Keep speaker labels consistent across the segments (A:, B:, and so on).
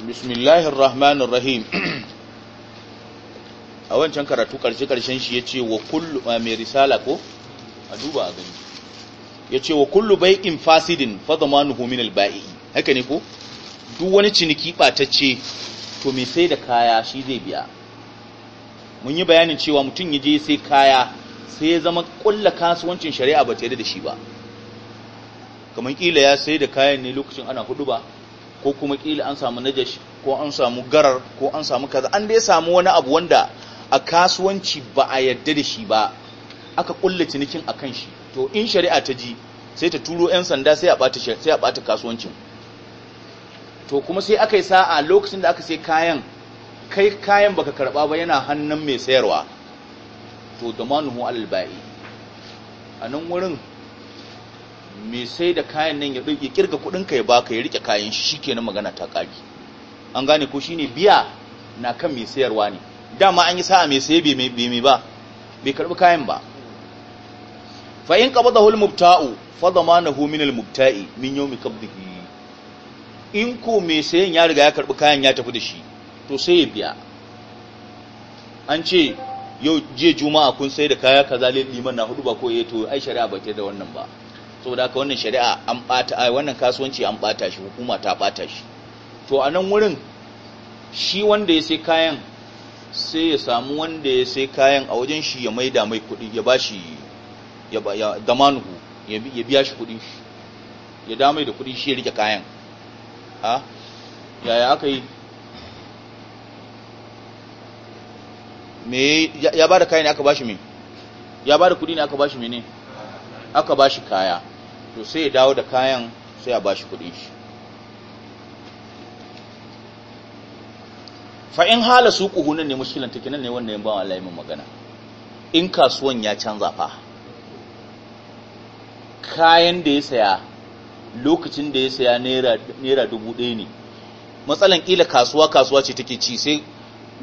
A: bismillahir rahmanir rahim a wancan karatu karshe karshen shi yace wa kullu mai risala ko a duba a gani yace wa kullu in fasidin fa zamanuhu al-ba'i haka ne ko duk wani ciniki batacce to me sai da kaya shi zai biya mun yi bayanin cewa mutum ya je sai kaya sai ya zama ƙulla kasuwancin shari'a ba tare da shi ba kamar kila ya sai da kayan ne lokacin ana hudu ba ko kuma ƙila an samu jashi, ko an samu garar ko an samu kaza an dai samu wani abu wanda a kasuwanci ba a yadda da shi ba aka kulla cinikin a kan shi to in shari'a ta ji sai ta turo 'yan sanda sai a bata kasuwancin to kuma sai aka yi sa'a lokacin da aka sai kayan kai kayan baka karba ba yana hannun mai sayarwa to da manuhu albai a nan wurin mai sai da kayan nan ya ɗauke kirga kuɗinka ya baka ya riƙe kayan shi kenan magana ta ƙari an gane ko shine biya na kan mai sayarwa ne dama an yi sa'a mai saye bai mai ba bai karɓi kayan ba fa in qabadahu al-mubta'u fa damanahu min al-mubta'i min yawmi qabdihi in ko mai sayen ya riga ya karɓi kayan ya tafi da shi to sai ya biya an ce yau je juma'a kun sai da kaya kaza liman na hudu ba ko eh to ai shari'a ba ta da wannan ba so haka wannan shari'a an bata ai wannan kasuwanci an bata shi hukuma ta bata shi to a nan wurin shi wanda ya sai kayan sai ya samu wanda ya sai kayan a wajen shi ya maida mai kuɗi ya ba shi ya damanuhu ya biya shi kuɗin shi ya damai da kuɗi shi ya rike kayan ha yaya aka yi me ya ba da kayan aka shi me ya ba da kuɗi ne aka shi mene ne aka ba shi kaya to sai ya dawo da kayan sai a ba shi kudin shi fa'in hala su kuhunan ne mushkilan take nan ne wannan yin bawa laimin magana in kasuwan ya canza fa kayan da ya saya lokacin da ya saya naira dubu ɗaya ne matsalan ƙila kasuwa kasuwa ce take ci sai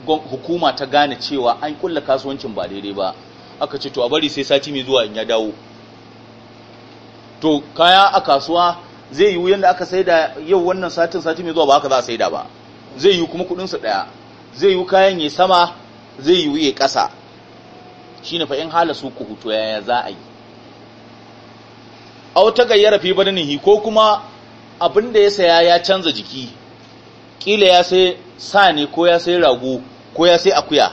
A: hukuma ta gane cewa an kulla kasuwancin ba daidai ba aka ce to a bari sai sati mai zuwa in ya dawo to kaya a kasuwa zai yiwu yadda aka da yau wannan satin sati mai zuwa ba haka za a saida ba zai yiwu kuma kudinsu daya zai yiwu kayan ya sama zai yiwu ya kasa shine fa in hala su kuhuto yaya za a yi aw ta gayyara fi badanihi ko kuma abin da ya saya ya canza jiki kila ya sai sa ne ko ya sai rago ko ya sai akuya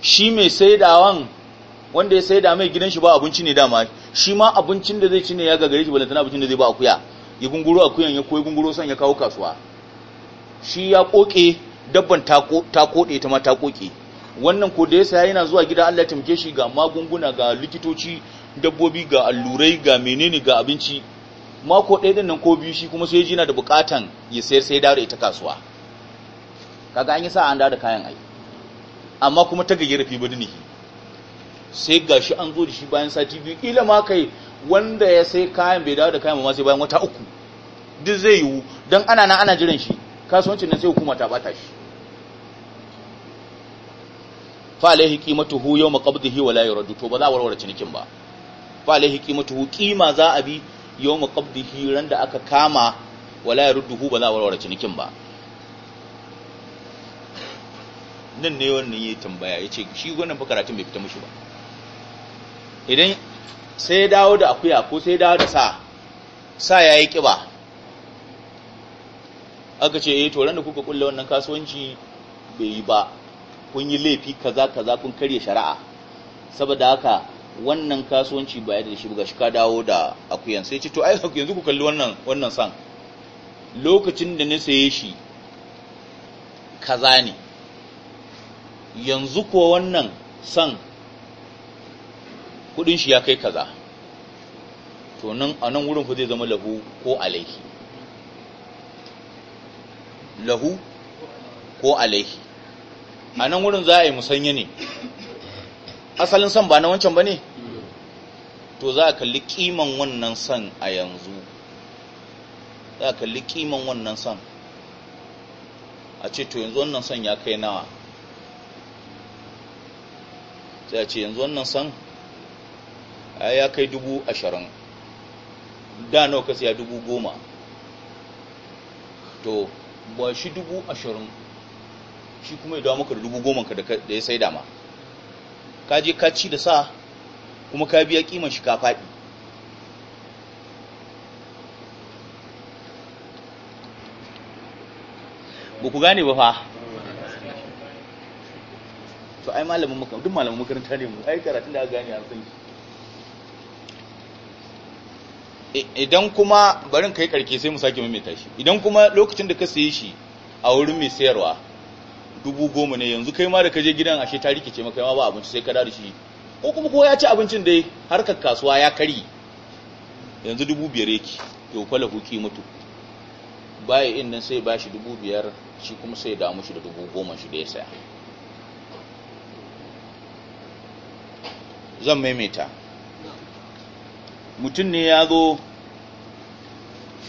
A: shi mai saidawan wanda ya saida mai gidan shi ba abinci ne dama shi ma abincin da zai ci ne ya gagare shi balantana abincin da zai ba akuya ya gunguro akuyan ya koyi gunguro san ya kawo kasuwa shi ya koke dabban ta kode ta ma ta koke wannan ko da ya saya yana zuwa gida Allah ya tamke shi ga magunguna ga likitoci dabbobi ga allurai ga menene ga abinci mako ɗaya din nan ko biyu shi kuma sai yana da bukatan ya sayar sai dawo da ita kasuwa kaga an yi sa an dawo da kayan ai amma kuma ta rafi budunihi sai ga shi an zo da shi bayan sati biyu ƙila ma kai wanda ya sai kayan bai dawo da kayan ma bayan wata uku duk zai yiwu don ana na ana jiran shi kasuwancin nan sai hukuma ta bata shi fa alaihi yau yawma qabdihi wa la yuradu to ba za a warware cinikin ba fa alaihi hu qima za a bi yawma qabdihi ran da aka kama wa la yurduhu ba za a warware cinikin ba nan ne wannan yayi tambaya yace shi wannan fa karatun bai fita mishi ba idan sai dawo da akuya ko sai dawo da sa sa ya yi ƙiba aka ce eh toron da kuka kulle wannan kasuwanci bai yi ba kun yi laifi kaza kaza kun karya shari'a saboda haka wannan kasuwanci ba ya da shi buga shi ka dawo da akuyan sai ce to ai yanzu ku kalli wannan wannan san lokacin da na saye shi kaza ne yanzu kuwa wannan san kudin shi ya kai kaza to nan a nan wurin ku zai zama lahu ko alaihi lahu ko alaihi a nan wurin za a yi musanya ne asalin son ba na wancan ba ne to za a kalli kiman wannan son a yanzu za a kalli kiman wannan son a ce to yanzu wannan son ya kai nawa sai a ce yanzu wannan son ya kai dubu ashirin da nawa ka siya dubu goma to ba shi dubu ashirin shi kuma ya dawo maka da dubu goma ka da ya sai dama ka je ka ci da sa kuma ka biya kiman shi ka faɗi ba ku gane ba fa to ai malamin makarantar duk malamin ne mu ai karatun da aka gane a san shi idan kuma barin kai karki sai mu sake maimaita shi idan kuma lokacin da ka saye shi a wurin mai sayarwa dubu goma ne yanzu kai ma da ka je gidan ashe ta rikice maka ma ba abinci sai ka da shi ko kuma ko ya ci abincin dai harkar kasuwa ya kari yanzu dubu biyar yake to kwala huki mutu baya in nan sai bashi dubu biyar shi kuma sai damu shi da dubu goma shi da ya saya zan maimaita mutum ne ya zo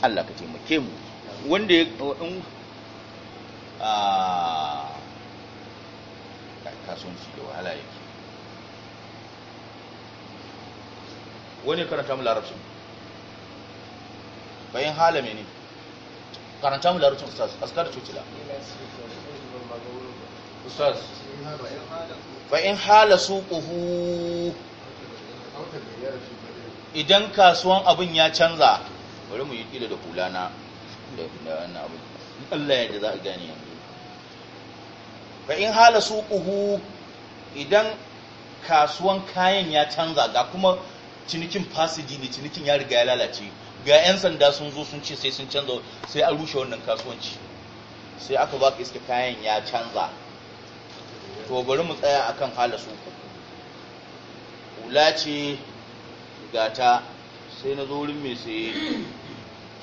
A: Allah ka taimake mu wanda ya oh, in a ah, kasuwanci da wahala yake wani karanta mu larabcin bayan hala ne karanta mu larabcin ustaz askar cucila ustaz bayan hala su suquhu idan kasuwan abin ya canza bari mu yi kila da hula na Allah ya da za a gani yanzu fa in hala suquhu idan kasuwan kayan ya canza ga kuma cinikin fasidi ne cinikin ya riga ya lalace ga 'yan sanda sun zo sun ce sai sun canza sai an rushe wannan kasuwanci sai aka ba ka iska kayan ya canza to bari mu tsaya akan hala su suquhu hula ce gata sai na zo wurin mai saye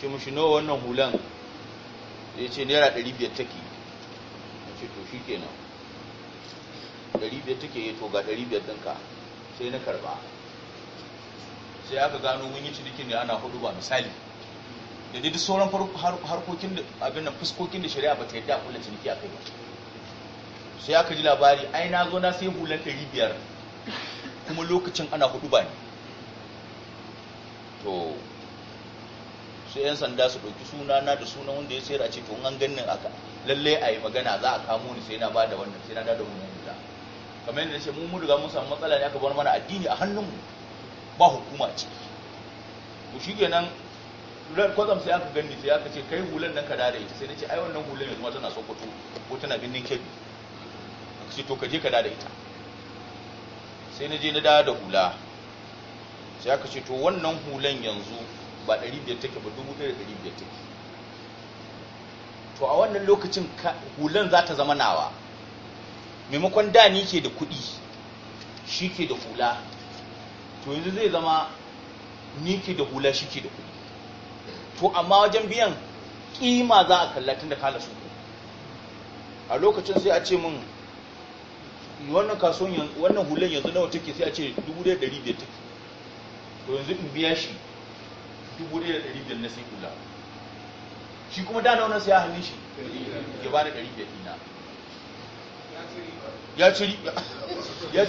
A: ce mushi nawa wannan hulan ya ce naira 500 take a ce to shi kenan 500 take ya eh, to ga 500 dinka sai na karba sai aka gano mun yi cinikin da ana hudu ba misali da duk sauran harkokin da abin da fuskokin da shari'a ba ta yadda kula ciniki a kai ba sai aka ji labari ai na zo na sai hulan 500 kuma lokacin ana hudu ba ne to su 'yan sanda su ɗauki na da sunan wanda ya sayar a ce to an ganin aka lalle a yi magana za a kamo ni sai na ba da wannan sai na da wannan wuta kamar yadda ce mun riga mun samu matsala ne aka bar mana addini a hannunmu ba hukuma ce to shi kenan ran kwazam sai aka ganni sai aka ce kai hulan nan ka dare ita sai na ce ai wannan hulan yanzu ma tana sokoto ko tana binnin kebi aka ce to ka je ka dare ita sai na je na da hula sai aka ce to wannan hulan yanzu ba 500 take ba 1500 take to a wannan lokacin hulan za ta zama nawa maimakon da ni ke da kuɗi shi ke da hula to yanzu zai zama ni ke da hula shi ke da kuɗi to amma wajen biyan ƙima za a kallatin da kala su a lokacin sai a ce min wannan kasuwan wannan hulan yanzu nawa take sai a ce 1500 take to yanzu in biya shi dubu da biyar na sai kula shi kuma da launar sai ya hannun shi ya ba da ɗari biyar ya ciri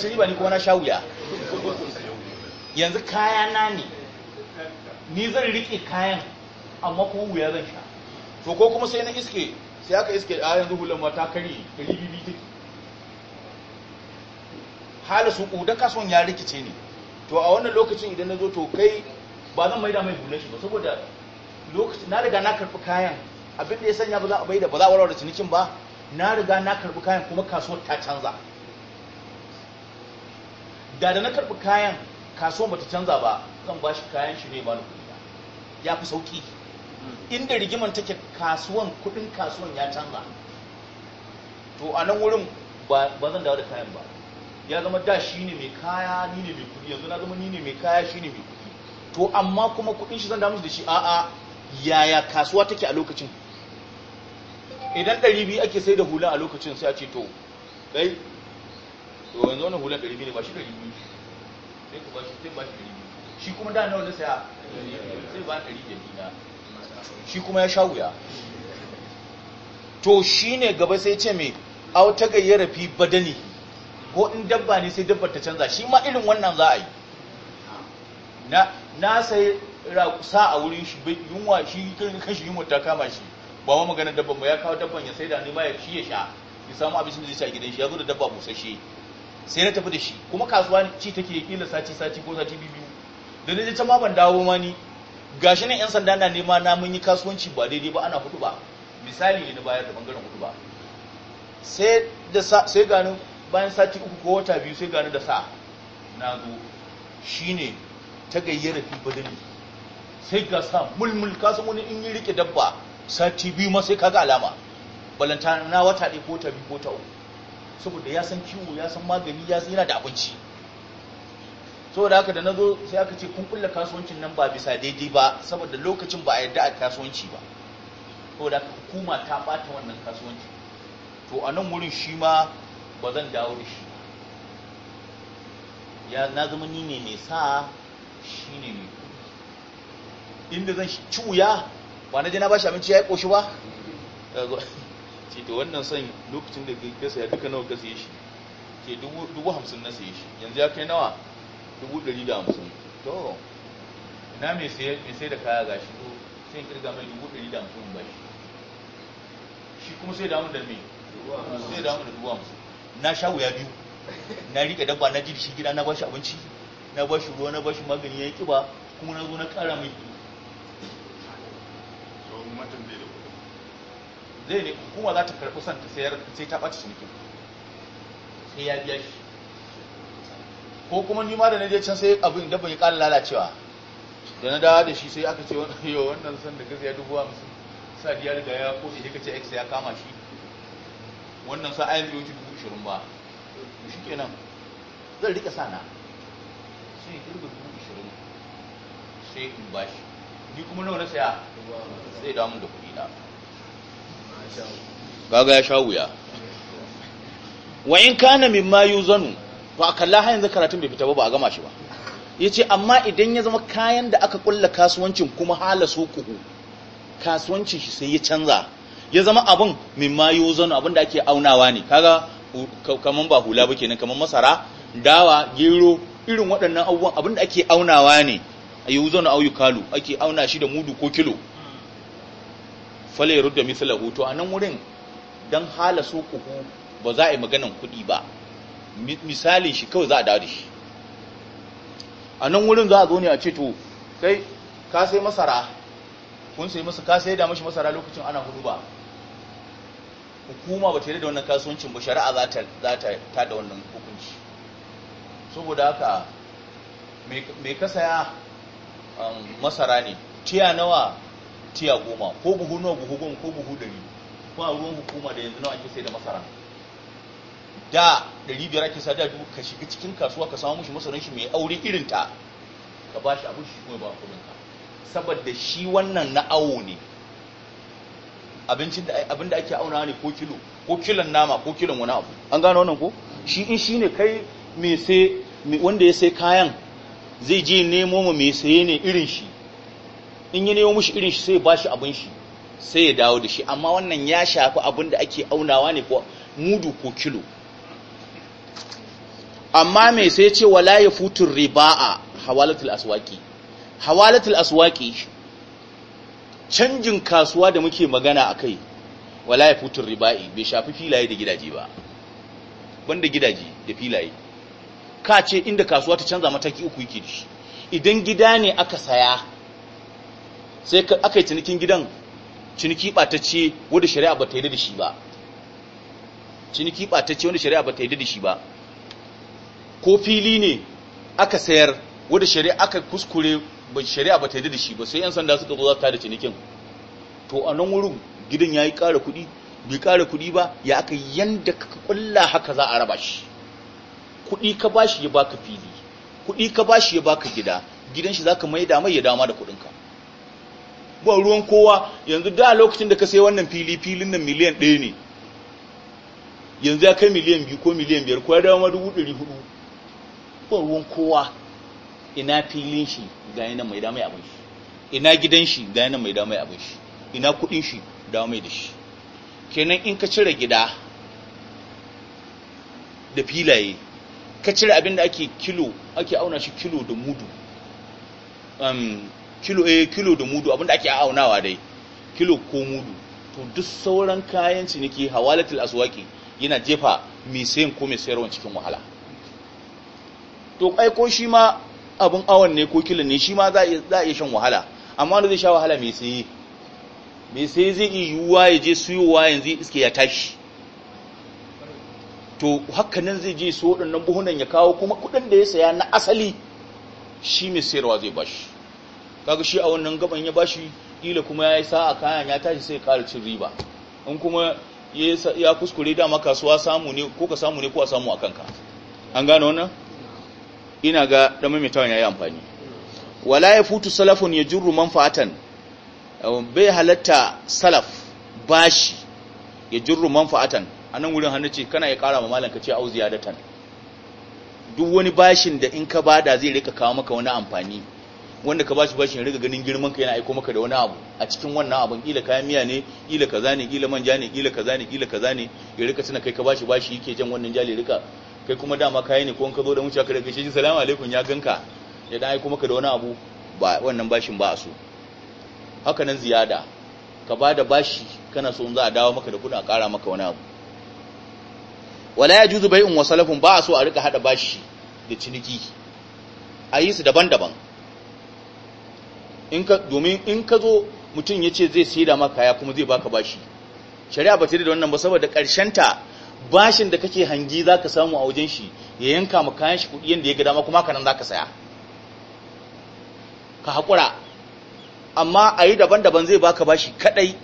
A: riba ya ni kuma na sha wuya yanzu kaya na ne ni zan riƙe kayan amma kuma wuya zan sha to ko kuma sai na iske sai aka iske a yanzu hulan ma ta kare ɗari biyu take hala su ƙudan kasuwan ya rikice ne to a wannan lokacin idan na zo to kai ba zan maida mai bulle shi ba saboda lokaci na riga na karɓi kayan abin da ya sanya ba za a bai da ba za a warware cinikin ba na riga na karɓi kayan kuma kasuwar ta canza da da na karɓi kayan kasuwar bata canza ba zan ba shi kayan shi ne ba ni kuɗi ya fi sauƙi hmm. inda rigiman take kasuwan kuɗin kasuwan ya canza to a nan wurin ba zan dawo da kayan ba ya zama da shi ne mai kaya ni ne mai kuɗi yanzu na zama ni ne mai kaya shi ne mai kuɗi to amma kuma kuɗin shi zan damu da shi a'a yaya kasuwa take a lokacin idan ɗari biyu ake sai da hula a lokacin sai a ce to kai to yanzu wani hula ɗari biyu ne ba shi ɗari biyu sai shi ɗari biyu shi kuma da nawa na saya sai ba ɗari da biyu shi kuma ya sha wuya to shi ne gaba sai ce mai au ta gayyara fi badani ko in dabba ne sai dabbar ta canza shi ma irin wannan za a yi na na sai sa a wurin shi yunwa shi kan kashi yunwa ta kama shi ba ma maganar dabban ba ya kawo dabban ya saida ne ma ya shi ya sha ya samu abincin da zai ci a gidan shi ya zo da dabba busasshe sai na tafi da shi kuma kasuwa ci take kila sati sati ko sati biyu da na je ma ban dawo ma ni gashi ne yan sanda na nema na mun yi kasuwanci ba daidai ba ana hudu ba misali ne na bayar da bangaren hudu ba sai da sai ganin bayan sati uku ko wata biyu sai gani da sa, na zo shi ne ta gayyara fi badani sai ga sa mulmul kasu wani in yi rike dabba sati biyu ma sai kaga alama balanta na wata ɗaya ko ta biyu ko ta uku saboda ya san kiwo ya san magani ya san da abinci saboda haka da na zo sai aka ce kun kulla kasuwancin nan ba bisa daidai ba saboda lokacin ba a yarda a kasuwanci ba saboda haka hukuma ta bata wannan kasuwanci to a nan wurin shi ma ba zan dawo da shi ya na zama ni ne mai sa shi ne mai inda zan ci wuya ba na je na ba shi abinci ya yi ƙoshi ba ce to wannan son lokacin da ka saya duka nawa ka saye shi Ke dubu hamsin na saye shi yanzu ya kai nawa dubu ɗari da hamsin to ina mai sai da kaya ga shi to sai kirga mai dubu ɗari da hamsin ba shi shi kuma sai damu da mai sai damu da dubu hamsin na sha wuya biyu na rike dabba na ji da shi gida na bashi abinci na bashi ruwa na bashi magani ya yi kiba kuma na zo na kara mai zai ne hukuma za ta karɓi son ta sai ta ɓata ciniki sai ya biya shi ko kuma ni ma da na je can sai abin dabba ya ƙara lalacewa da na dawa da shi sai aka ce wannan san da gaza ya dubu hamsin sa diyar da ya kotse shi ka ce x ya kama shi wannan sa ayin biyu ishirin ba shi ke nan zai rika sana sai ya kirga dubu ishirin sai in ba shi ni kuma nawa na saya zai damu da kuɗi na gaga ya sha wuya wa in kana min mayu zanu ba a kalla hanyar zai karatun bai fita ba ba a gama shi ba ya ce amma idan ya zama kayan da aka kulla kasuwancin kuma hala sukuhu kasuwancin shi sai ya canza ya zama abin mimma zanu abin da ake aunawa ne kaga kaman ba hula ba kenan kaman masara dawa gero irin waɗannan abubuwan abinda ake aunawa ne a yi zauna auyu kalu ake auna shi da mudu ko kilo falayar ya misalar hoto a nan wurin don hala so kuku ba za a yi maganan kuɗi ba misalin shi kawai za a dawo da shi a nan wurin za a zo ne a ce to kai ka sai masara kun sai masa ka sai da mashi masara lokacin ana hudu ba hukuma ba ta da wannan kasuwancin ba shari'a za ta ta da wannan hukunci saboda haka mai kasaya um, masara ne tiya nawa tiya goma ko buhu nawa buhu goma ko buhu dari ko a ruwan hukuma da yanzu nawa ake sai da masara da dari biyar ake sa da dubu ka shiga cikin kasuwa ka samu mishi masaran shi mai aure irin ta ka ba shi abin shi kuma ba kudin ka saboda shi wannan na awo ne abincin da abin da ake auna ne ko kilo ko kilon nama ko kilon wani abu an gano wannan ko shi in shine kai me sai wanda ya sai kayan zai je nemo mu me saye ne irin shi in ya nemo mushi irin shi sai ba shi abin shi sai ya dawo da shi amma wannan ya shafi abin da ake aunawa ne ko mudu ko kilo amma me sai ce wala ya futun riba'a hawalatul aswaki hawalatul aswaki canjin kasuwa da muke magana a kai wala ya futun riba'i bai shafi filaye da gidaje ba banda gidaje da filaye ka ce inda kasuwa ta canza mataki uku yake da shi idan gida ne aka saya sai aka yi cinikin gidan ciniki ɓatacce wadda shari'a ba ta yi da shi ba ciniki ɓatacce wadda shari'a ba ta yi da shi ba ko fili ne aka sayar wadda shari'a aka kuskure ba shari'a ba ta yi da shi ba sai 'yan sanda suka zo za ta da cinikin to a nan wurin gidan ya yi ƙara kuɗi bai ƙara kuɗi ba ya aka yanda ka ƙulla haka za a raba shi kuɗi ka ba shi ya baka fili kuɗi ka ba shi ya baka gida gidan shi za ka mai damai ya dama da kuɗinka ba ruwan kowa yanzu da lokacin da ka sai wannan fili filin nan miliyan ɗaya ne yanzu ya kai miliyan biyu ko miliyan biyar ko ya dama dubu ɗari hudu ba ruwan kowa ina filin shi ga yana mai damai abin shi ina gidan shi ga yana mai damai abin shi ina kudin shi damai mai da shi kenan in ka cire gida da filaye ka cire abin da ake kilo ake auna shi kilo da mudu um, kilo eh kilo da mudu abin da ake aunawa dai kilo ko mudu to duk sauran kayan ciniki hawalatul aswaqi yana jefa mai sayin ko mai sayarwa cikin wahala to ko shi ma abin awon ne ko kilin ne shi ma za a iya shan wahala amma wanda zai sha wahala mai sai mai sai zai iya yiwuwa ya je yiwuwa yanzu iske ya tashi to nan zai je su waɗannan buhunan ya kawo kuma kuɗin da ya saya na asali shi mai sayarwa zai bashi kaga shi a wannan gaban ya bashi ƙila kuma ya yi sa'a kayan ya tashi sai ƙara cin riba in kuma ya kuskure dama kasuwa samu ne ko ka samu ne ko a samu a kanka an gane wannan ina ga dan ya yayi amfani wala futu salafun yajurru manfa'atan um, bai halatta salaf bashi ya yajurru manfa'atan nan wurin hannu ce kana ya kara ma ce ka ce au ziyadatan duk wani bashin da in ka bada zai rika kawo maka wani amfani wanda ka bashi bashin rika ganin girman ka yana aiko maka da wani abu a cikin wannan abin kila kayan miya ne kila kaza ne kila manja ne kila kaza ne kila kaza ne ya rika tuna kai ka bashi bashi yake jan wannan jali rika kai kuma dama kayi ne ko in ka zo da wuce ka daga shi salamu alaikum ya ganka ya dan kuma maka da wani abu ba wannan bashin ba a so haka nan ziyada ka ba da bashi kana so in za a dawo maka da kudi a ƙara maka wani abu wala ya juzu bai'un wa salafun ba a so a rika hada bashi da ciniki a yi su daban-daban domin in ka zo mutum ya ce zai sai da maka ya kuma zai baka bashi shari'a ba ta da wannan ba saboda ta bashin da kake hangi za ka samu a wajen shi ya yanka ma kayan shi kuɗi yadda ya ga dama kuma kanan za ka saya ka haƙura amma a yi daban-daban zai baka bashi kaɗai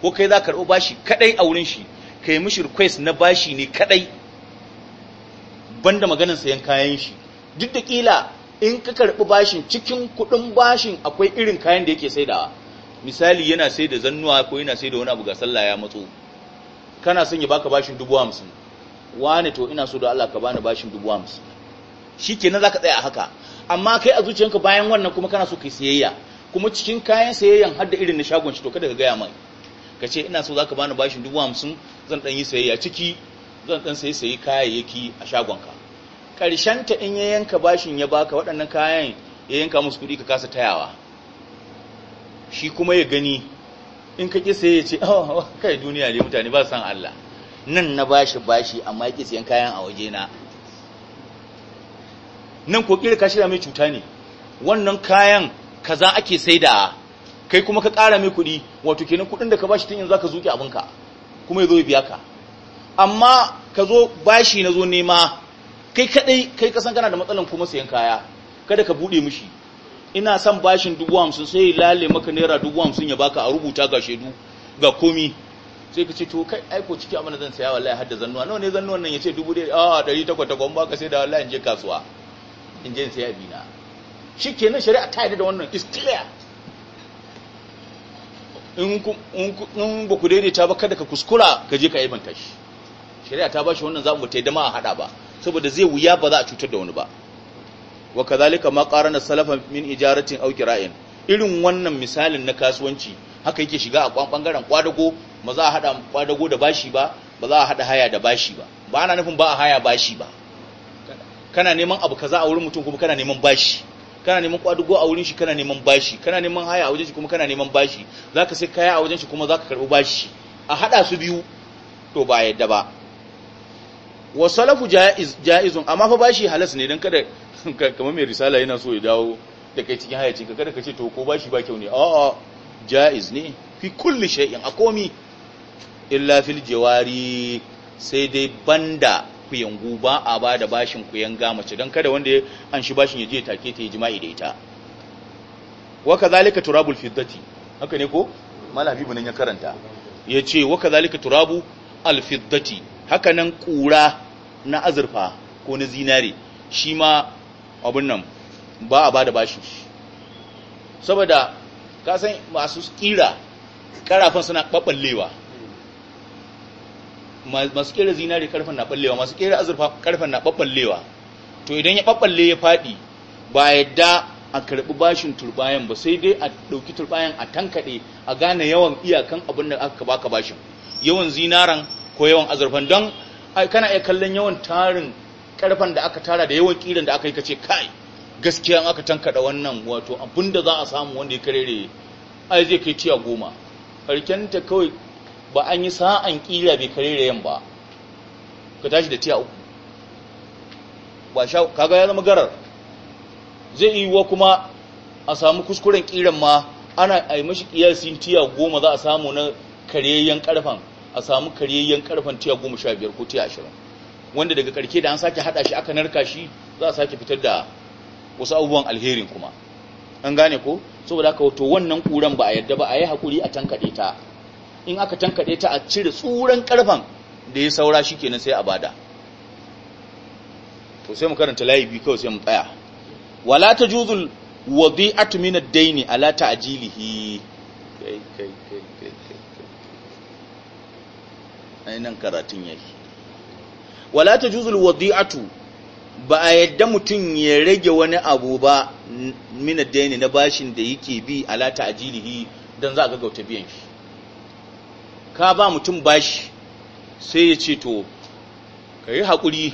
A: ko kai za ka karɓi bashi kaɗai a wurin shi ka yi mishi request na bashi ne kaɗai banda maganin sayan kayan shi duk da ƙila in ka karɓi bashin cikin kuɗin bashin akwai irin kayan da yake saidawa misali yana sai da zannuwa ko yana sai da wani abu ga sallah ya matso kana son ya baka bashin dubu hamsin wani to ina so da Allah ka bani bashin dubu hamsin shi kenan za ka tsaya a haka amma kai a zuciyanka bayan wannan kuma kana so yi siyayya kuma cikin kayan siyayyan har da irin na shagon shi to kada ka gaya mai ka ce ina so za ka bani bashin dubu hamsin zan ɗan yi sayayya ciki zan ɗan sayi sayi kayayyaki a shagonka ta in ya yanka bashin ya baka waɗannan kayan ya yanka musu kuɗi ka kasa tayawa shi kuma ya gani in ka kisa sai ya ce oh, oh, kai duniya ne mutane ba san Allah nan na bashi bashi amma ya kisa yan kayan a waje na nan ko kira ka shirya mai cuta ne wannan kayan kaza ake saida kai kuma ka kara mai kuɗi wato kenan kuɗin da ka bashi tun yanzu ka zuke abinka kuma ya zo ya biya ka amma ka zo bashi na zo nema kai kadai kai kasan kana da matsalan kuma sayan kaya kada ka buɗe mishi ina son bashin dubu hamsin sai ya lale maka naira dubu hamsin ya baka a rubuta ga shaidu ga komi sai ka ce to kai aiko ciki amana zan saya wallahi hadda zannuwa nawa ne zannuwan nan ya ce dubu ɗaya a ɗari takwas takwas baka sai da wallahi in je kasuwa in je in saya bina shi nan shari'a ta yi da wannan is clear in ba ku daidaita ba kada ka kuskura ka je ka aibanta shi shari'a ta ba shi wannan za mu ta yi dama a haɗa ba saboda zai wuya ba za a cutar da wani ba wa kadhalika ma qarana salafa min ijaratin aw kira'in irin wannan misalin na kasuwanci haka yake shiga a bangaren kwadago ba za a hada kwadago da bashi ba ba za a hada haya da bashi ba ba ana nufin ba a haya bashi ba kana neman abu kaza a wurin mutum kuma kana neman bashi kana neman kwadago a wurin shi kana neman bashi kana neman haya a wajen shi kuma kana neman bashi zaka sai kaya a wajen shi kuma zaka karbi bashi a hada su biyu to ba yadda ba wa salafu jaizun amma fa bashi halas ne dan kada kamar mai risala yana so ya dawo da kai cikin hayacin ka kada ka ce to ko bashi ba kyau ne a'a jaiz ne fi kulli shay'in akomi illa fil jawari sai dai banda yangu ba a ba da bashin ku yanga mace don kada wanda an shi bashin ya je take ta yi jima'i da ita wa kadhalika turabul fiddati haka ne ko malam habibu ya karanta yace wa kadhalika turabu al fiddati haka nan ƙura na azurfa ko na zinare shi ma abin nan ba a ba da shi saboda kasan masu ƙira ƙarafin suna ɓaɓɓallewa masu ƙira zinare ƙarfin na ɓallewa masu ƙira azurfa ƙarfin na ɓaɓɓallewa to idan ya ɓaɓɓalle ya faɗi ba yadda a karɓi bashin turbayan ba sai dai a ɗauki turbayan a tankaɗe a gane yawan iyakan abin da aka baka bashin yawan zinaran ko yawan azurfan don kana iya kallon yawan tarin karfan da aka tara da yawan kiran da aka yi kace kai gaskiya aka tankada wannan wato abinda za a samu wanda ya karere ai zai kai tiya goma ta kawai ba an yi sa'an kila bai karere yan ba ka tashi da tiya uku ba sha kaga ya zama garar zai yi wa kuma a samu kuskuren kiran ma ana ai mashi kiyasin tiya goma za a samu na kareyyen karfan a samu karyayyen karfan tiya goma sha biyar ko tiya ashirin wanda daga karke da an sake haɗa shi aka narka shi za a sake fitar da wasu abubuwan alherin kuma an gane ko saboda aka wato wannan kuran ba a yarda ba a yi hakuri a tankaɗe ta in aka tankaɗe ta a cire tsuran karfan da ya saura shi kenan sai a bada to sai mu karanta layi biyu kawai sai mu tsaya wala juzul wadi'atu min ad-dayni ala ta'jilihi kai kai kai ainihin karatun yake wala ta juzul wadi'atu ba a yadda mutum ya rage wani abu ba mina daini na bashin da yake bi ala ta ajilihi don za a gaggauta biyan shi ka ba mutum bashi sai ya ce to ka yi haƙuri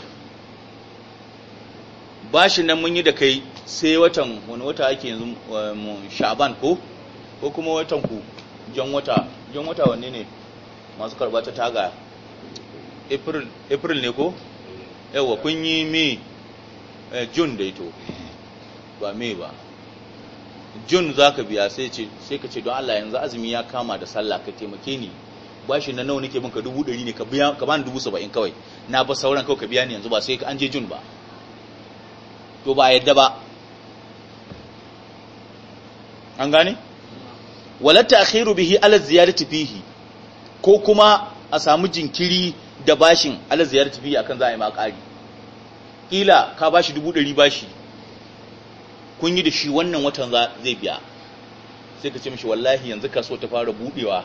A: bashin nan mun yi da kai sai watan wani wata ake yanzu eh, sha'aban ko ko kuma watan ku jan wata jan wata wanne ne masu karba ta taga april ne ko yawa kun yi may eh, june ito ba may ba june za ka biya sai ka ce don allah yanzu azumi ya kama da sallah ka taimake ni ba shi na nawa nake ka dubu ɗari ne ka bani dubu saba'in kawai na ba sauran kawai ka biya ni yanzu ba sai ka an je jun ba to ba yadda ba an gane walatta akhiru bihi ala ziyadati fihi ko kuma a samu jinkiri da bashin alal ziyarati a akan za a yi ma ƙila ka bashi dubu ɗari bashi kun yi da shi wannan watan zai biya sai ka ce mashi wallahi yanzu so ta fara buɗewa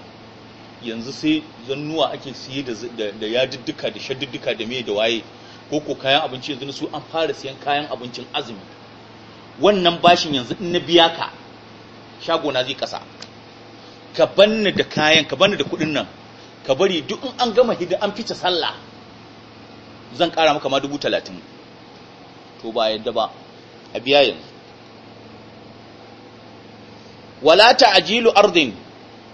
A: yanzu sai zannuwa ake siye da yadudduka da shadudduka da mai da waye ko ko kayan abinci yanzu su an fara siyan kayan abincin azumi wannan bashin yanzu in na biya ka shagona zai ƙasa. ka banni da kayan ka da kuɗin nan ka bari duk in an gama hidda an fice sallah zan kara maka ma dubu talatin to ba yadda ba a biya yanzu wala ta'jilu ardin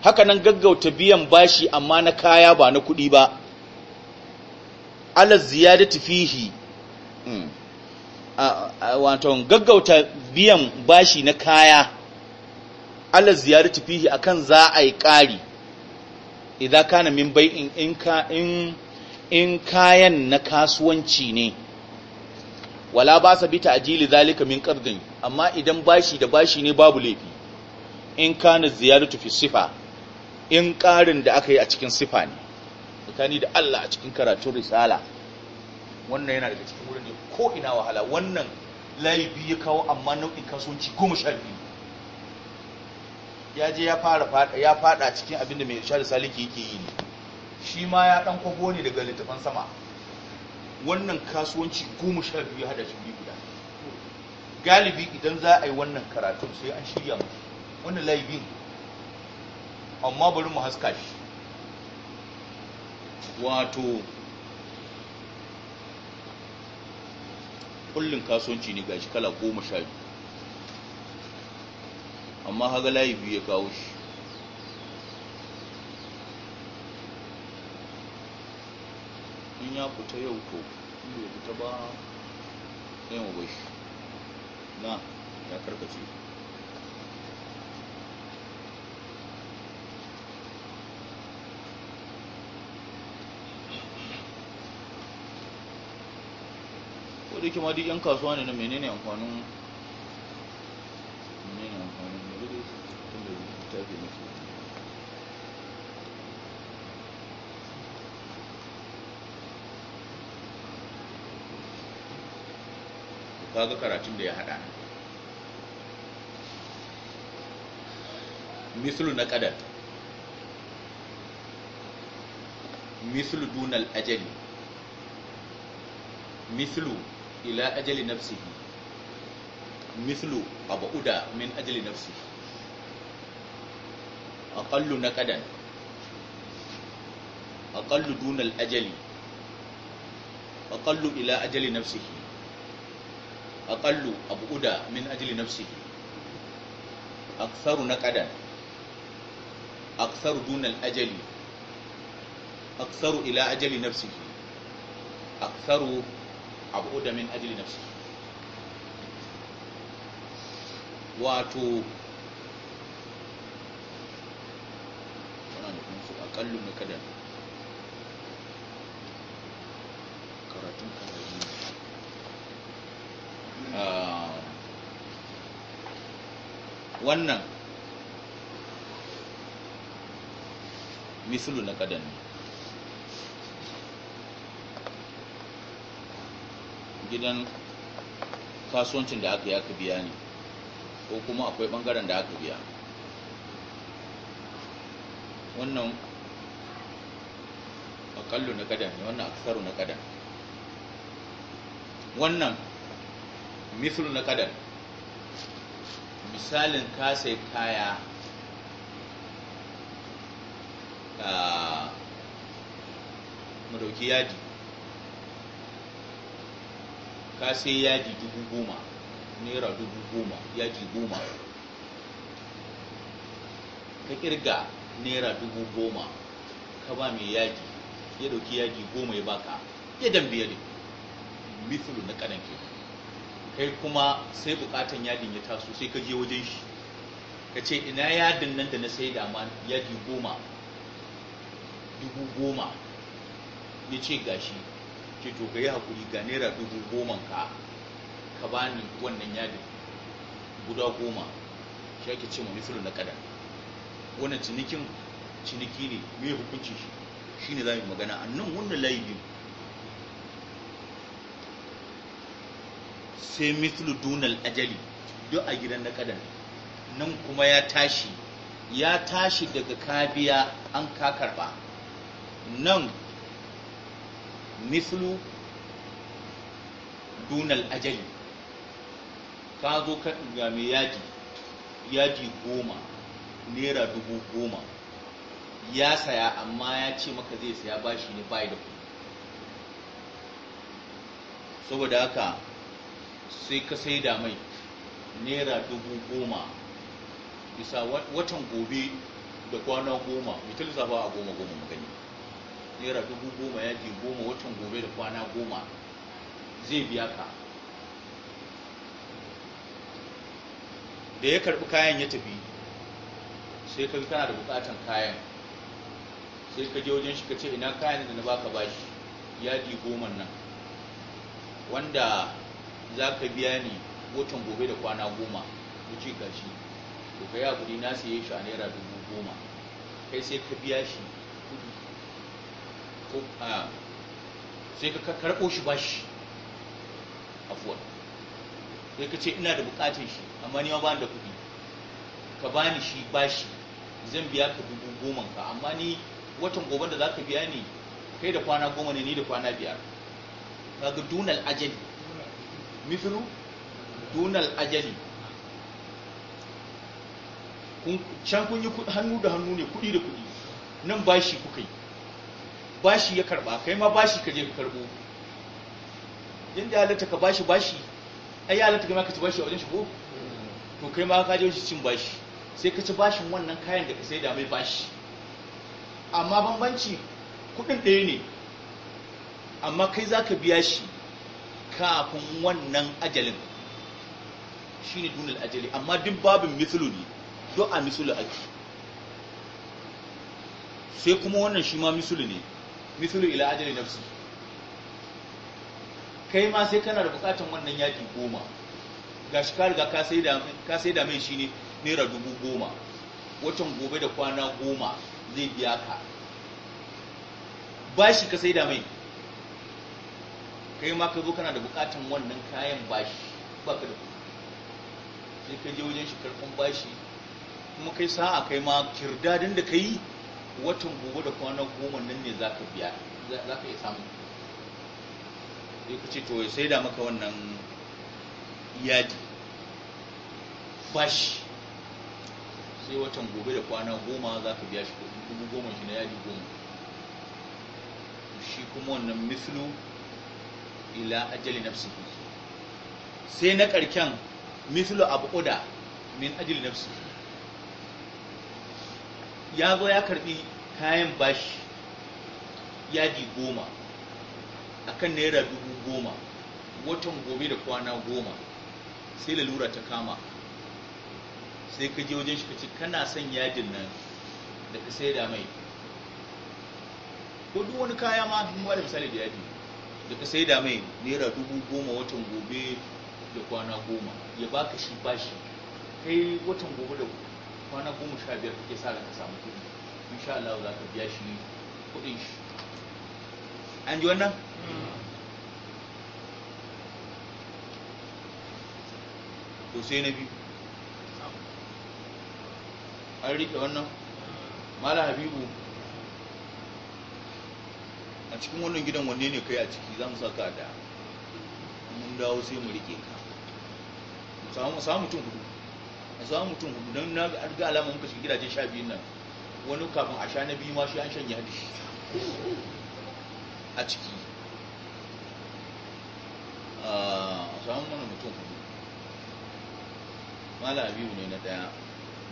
A: haka nan gaggauta biyan bashi amma na kaya ba na kuɗi ba ala ziyadati fihi hmm, wato gaggauta biyan bashi na kaya ala ziyadati fihi akan za a yi ƙari idan kana min bai in ka in in kayan na kasuwanci ne wala ba sa bi ta'jili zalika min qardin amma idan bashi da bashi ne babu laifi in kana ziyaratu fi sifa in ƙarin da aka yi a cikin sifa ne tsakani da Allah a cikin karatun risala wannan yana daga cikin wurin ne ko ina wahala wannan laifi ya kawo amma nau'in kasuwanci goma sha biyu ya je ya fara ya fada cikin abin da mai shari saliki yake yi ne shi ma ya dan kwabo ne daga littafan sama wannan kasuwanci goma sha biyu ya hada shi biyu guda galibi idan za a yi wannan karatu sai an shirya mu wannan laibin amma bari mu haska shi wato kullum kasuwanci ne gashi kala goma sha biyu amma haga layi biyu ya kawo shi in ya fita yau to in bai fita ba sai mu bai shi na ya karkace ko da ke ma duk 'yan kasuwa ne na menene amfanin yafe musu ga karatun da ya hada mislu na kadar mislu dunal ajali mislu ila ajali nafsihi mislu abu uda min ajali nafsihi aqallu naqadan aqallu duna al-ajali aqallu ila ajali nafsihi aqallu abuda min ajali nafsihi aktharu naqadan aktharu duna al-ajali aktharu ila ajali nafsihi aktharu abuda min ajali nafsihi wato karatun ah, wannan misulu na kadan ne gidan kasuwancin da aka yi aka biya ne ko kuma akwai ɓangaren da aka biya wannan aqallu na kadan ne wannan aksaru na kadan wannan mithlu na kadan misalin ka sai kaya mu madauki yadi ka sai yadi dubu goma naira dubu goma yadi goma ka kirga naira dubu goma ka ba mai yadi ya dauki yaki goma ya baka ya dambe yadin mithulu na kanan ke kai kuma sai bukatan yadin ya taso sai ka wajen shi ka ce ina yadin nan da na sai da ma yadi goma dubu goma ya ce gashi ce to ka yi hakuri ga naira dubu goman ka ka bani wannan yadin guda goma shi ake ce ma mithulu na kadan wannan cinikin ciniki ne me hukunci shi shine za mu magana a nan wannan laifin, sai mithlu dunal ajali duk a gidan na kadar nan kuma ya tashi ya tashi daga kabiya an ka nan mithlu dunal ajali ka zo ka ɗuga mai yadi yadi goma naira dubu goma ya saya amma ya ce maka zai saya bashi ne bai da kuɗi saboda haka sai ka sai da mai naira dubu goma bisa watan gobe da kwana goma mutum zaba a goma goma magani naira dubu goma ya ji goma watan gobe da kwana goma zai biya ka da ya karbi kayan ya tafi sai ka kana da bukatan kayan sai ka je wajen shi ka ce ina kayan da na baka bashi yadi goma nan wanda za ka biya ni watan gobe da kwana goma ku ce gashi to ka yi hakuri na saye shi a naira dubu goma kai sai ka biya shi kudi sai ka karɓo shi bashi afuwar sai ka ce ina da buƙatar shi amma ni ma ba da kuɗi ka bani shi bashi zan biya ka dubu goma ka amma ni watan gobe da zaka biya ni kai da kwana goma ne ni da kwana biyar kaga dunal ajali mithlu dunal ajali can kun yi hannu da hannu ne kudi da kudi nan bashi kuka yi bashi ya karba kai ma bashi ka je ka karbo inda halatta ka bashi bashi ai halatta kai ka ci bashi a wajen shigo to kai ma ka je cin bashi sai ka ci bashin wannan kayan da ka sai da mai bashi amma bambanci kudin ɗaya ne amma kai za ka biya shi kafin wannan ajalin shi ne dunar ajali amma duk babin mithlu ne don a mithlu ake sai kuma wannan shi ma mithlu ne mithlu ila ajali na su kai ma sai kana da bukatan wannan yaki goma ga shi ka riga ka sai da mai shi ne naira dubu goma watan gobe da kwana goma zai biya ka shi ka da mai kai ma ka zo kana da bukatan wannan kayan bashi ka da sai ka je wajen shi ba bashi kuma kai sa'a kai ma kirdadin da ka yi watan gobe da kwana goma nan ne za ka biya za ka iya samun sai ka ce to sai da maka wannan yadi bashi sai watan gobe da kwana goma za ka biya shi kuɗi dubu goma shi na yadi goma shi kuma wannan mislu ila ajali nafsihi sai na ƙarken mislu abu uda min ajali nafsihi ya zo ya karɓi kayan bashi yadi goma a kan naira dubu goma watan gobe da kwana goma sai lalura ta kama sai ka je wajen shi ka ce kana son yajin nan da ka sai da mai ko duk wani kaya ma kuma da misali da yaji da ka sai da mai naira dubu goma watan gobe da kwana goma ya baka shi bashi kai watan gobe da kwana goma sha biyar kake sa da ka samu kuɗi insha Allah za ka biya shi kuɗin shi an ji wannan to sai na biyu an rike wannan mala habibu a cikin wannan gidan wanne ne kai a ciki za mu saka da mun dawo sai mu rike ka mu samu mutum hudu a samu mutum hudu don na ga alama muka shiga gidajen sha biyun nan wani kafin a sha na biyu ma shi an shanye hadishi a ciki ah, a samun mana mutum hudu mala habibu ne na daya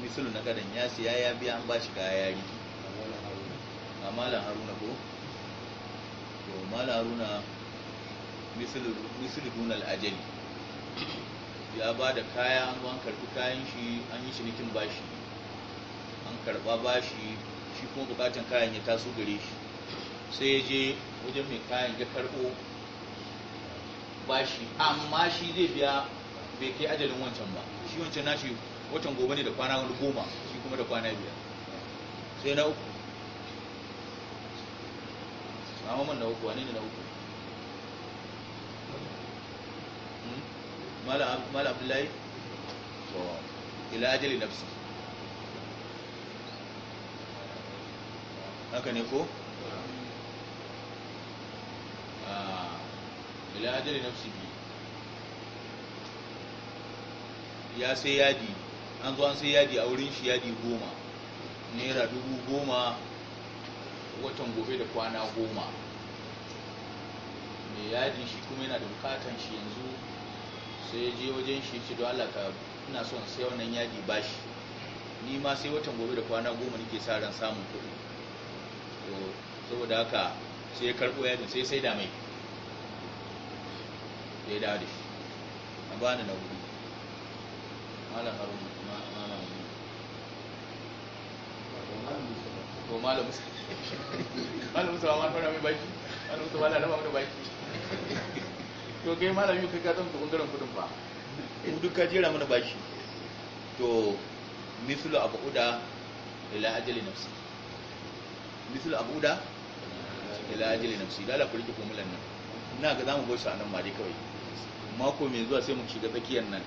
A: misalin na kadan ya siya ya biya an ba shi kaya ya yi. a malam haruna ko to malam haruna misalin dunal ajali ya ba da kaya an an karfi kayan shi an yi cinikin bashi an karba bashi shi kuma bukatan kayan ya taso gare shi sai ya je wajen mai kayan ya karbo bashi amma shi zai biya bai kai ajalin wancan ba shi wancan nashi watan gobe ne da kwana goma shi kuma da kwana biyar sai na uku amma man na uku wani ne na uku hmm? mala abdullahi to ila ajali nafsi haka ne ko ah, ila ajali nafsi biyu ya sai yadi an zo an sai yadi a wurin shi yadi goma naira dubu goma watan gobe da kwana goma mai yadi shi kuma yana da bukatan shi yanzu sai ya je wajen shi ce don allaka na ina son sai wannan yadi bashi ni ma sai watan gobe da kwana goma nake sa ran samun kuɗi saboda haka sai ya karɓo yadin sai sai da mai ya dawo da shi a bani na wuri malam haruna to malam musa malam musa ma fara mai baki malam musa ba na raba mai baki to kai malam yau kai ka tsanta bangaren kudin ba in duk jera mana bashi to mislu abuda ila ajali nafsi mislu abuda ila ajali nafsi da la kurki kumulan nan ina ga zamu goyi a nan ma dai kawai mako mai zuwa sai mu shiga tsakiyar nan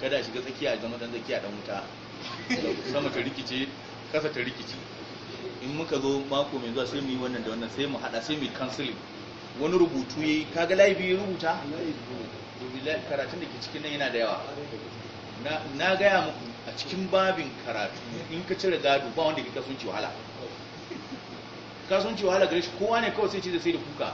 A: kada shiga tsakiya zama dan tsakiya dan wuta sama ta rikice kasa ta rikici in muka zo mako mai zuwa sai mu yi wannan da wannan sai mu hada sai mu yi counseling wani rubutu yayi kaga layi ya rubuta karatun da ke cikin nan yana da yawa na gaya muku a cikin babin karatu in ka cire gado ba wanda ke kasance wahala kasance wahala gare shi kowa ne kawai sai ce da sai da kuka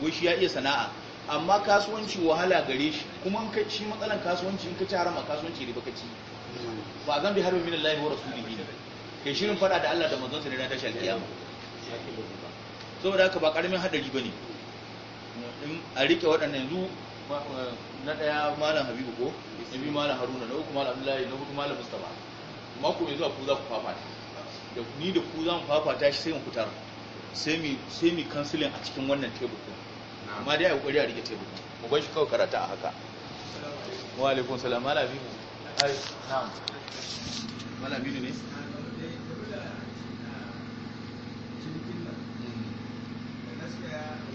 A: wai shi ya iya sana'a amma kasuwanci wahala gare shi kuma shi matsalan kasuwanci in ka ci harama kasuwanci riba baka ci ba zan bi harbin min Allah wa rasulihi kai shirin fada da Allah da manzon sa ne ran tashi alkiyama saboda haka ba karamin hadari bane a rike waɗannan yanzu na ɗaya malam habibu ko na biyu malam haruna na uku malam abdullahi na hudu malam mustapha mako mai zuwa ku za ku fafata da ni da ku za mu fafata shi sai mu fitar sai mu sai mi kansilin a cikin wannan tebur din amma dai a kokari a rike tebur mu bar shi kawai karata a haka wa alaikum salam malam habibu ai na'am wala biyu ne hmm.